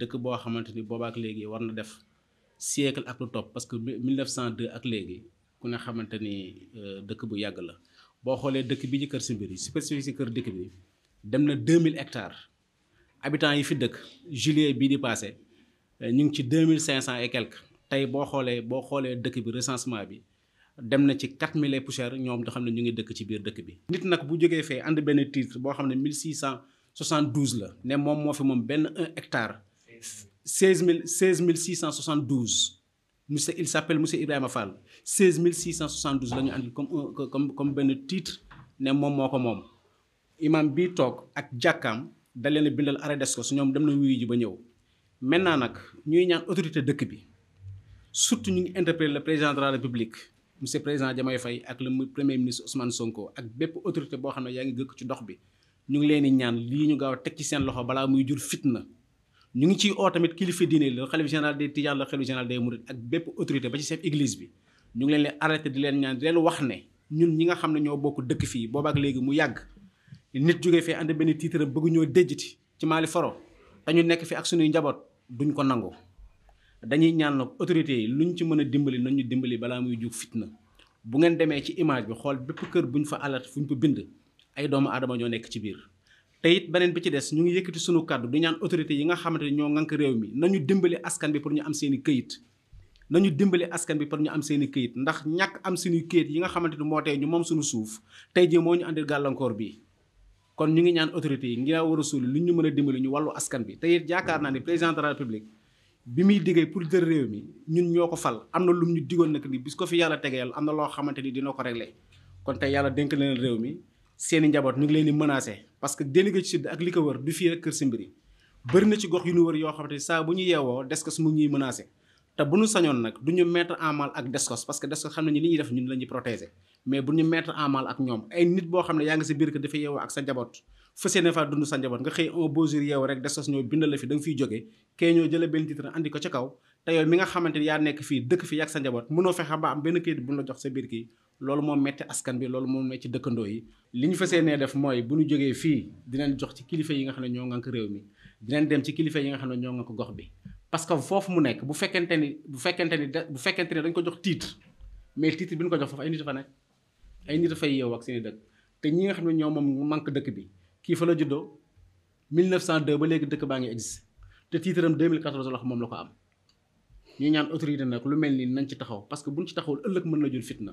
dëkk boo xamante ni boobaak léegi war na def siècle ak lu topp parce que mil cent 1902 ak léegi ku ne xamante ni euh, dëkk bu yàgg la boo xoolee dëkk bi ci kër Simbiri spécifique si kër dëkk bi dem na 2000 hectares habitants yi fi dëkk juillet bii di passé euh, ñu ngi ci 2500 et quelques tey boo xoolee boo xoolee dëkk bi recensement bi dem na ci 4000 mile poussière ñoom doo xam ne ñu ngi dëkk ci biir dëkk bi. nit nag bu jógee fee ànd benn titre boo xam ne 1672 la ne moom moo fi moom benn 1 seize mille seize mille six cent soixante douze monsieur il s'appelle monsieur Ibrahima Fall seize mille six cent soixante douze la ñu àndil comme euh, comme comme benn titre ne moom moo ko moom imam bi toog ak jàkkaam da leen bindal arrêt d'escos ñoom dem na wuyu ji ba ñëw maintenant nag ñuy ñaan autorité dëkk bi surtout ñu ngi interpeller le président de la république monsieur président Diomaye Faye ak le premier ministre Ousmane Sonko ak bépp autorité boo xam ne yaa ngi gëkk ci dox bi ñu ngi leen ñaan lii ñu gaaw a teg ci seen loxo balaa muy jur fitna ñu ngi ci oo tamit kilifa diine la xalif général des Tidiane la xalif général mu Mourides ak bépp autorité ba ci chef église bi ñu ngi leen leen arrêté di leen ñaan di leen wax ne ñun ñi nga xam ne ñoo bokk dëkk fii boobaak léegi mu yàgg nit jóge fee ànd benn titre bëgg ñoo déjjati ci maali foro te ñu nekk fi ak suñuy njaboot duñ ko nangu dañuy ñaan nag autorités yi lu ñu ci mën a dimbali nañu dimbali balaa muy jug fitna bu ngeen demee ci image bi xool bépp kër buñ fa alerte fuñ ko bind ay doomu aadama ñoo nekk ci biir te it beneen bi ci des ñu ngi yëkkati sunu kàddu di ñaan autorité yi nga xamante ne ñoo ŋànk réew mi nañu dimbali askan bi pour ñu am seeni i këyit nañu dimbali askan bi pour ñu am seen i këyit ndax ñàkk am suñuy këyit yi nga xamante ni moo tey ñu moom suñu suuf tey ji moo ñu andil gàllankoor bi kon ñu ngi ñaan autorité yi ngi war a suuli lu ñu mën a dimbali ñu wàllu askan bi te it yaakaar naa ne président de république bi muy diggee pour jël réew mi ñun ñoo ko fal am na lum ñu digoon nag ni bis ko fi yàlla tegeel am na loo xamante ni dina ko réglé kon yàlla dénk leen réew mi seeni njaboot ñu ngi leen di menacé parce que Déniké ci sud ak li ko du fii rek Kër Simbiri bëri na ci gox yu ñu wër yoo xam ne saa bu ñu yeewoo Descos mu ngi ñuy menacé te bu ñu sañoon nag du ñu mettre en mal ak Descos parce que Descos xam nañu li ñu def ñun la ñuy protéger mais bu ñu mettre en ak ñoom ay nit boo xam ne yaa ngi sa biir kër dafa yeewoo ak sa njaboot fas yéene faa dund sa njaboot nga xëy un beau jour yeewu rek Descos ñoo bindal fi da nga ko ca kaw te yow nga xamante ni yaa nekk fii dëkk fi yàgg sa njaboot mënoo fexe ba am benn kayit bu ñu la jox loolu moom metti askan bi loolu moo metti dëkkandoo yi li ñu fas yéenee def mooy bu ñu jógee fii dinañ jox ci kilifa yi nga xam ne ñoo ngànk réew mi dinañ dem ci kilifa yi nga xam ne ñoo ngànk gox bi parce que foofu mu nekk bu fekkente ni bu fekkente ni bu fekkente ni dañ ko jox titre mais titre bi ñu ko jox foofu ay nit fa nekk ay nit dafay yeew ak seeni dëkk te ñi nga xam ne ñoo moom manque dëkk bi kii fa la juddoo 1902 ba léegi dëkk baa ngi existé te titre am 2014 moom la ko ñu ñaan autorité nag lu mel ni nañ ci taxaw parce que buñ ci taxawul ëllëg mën na jur fitna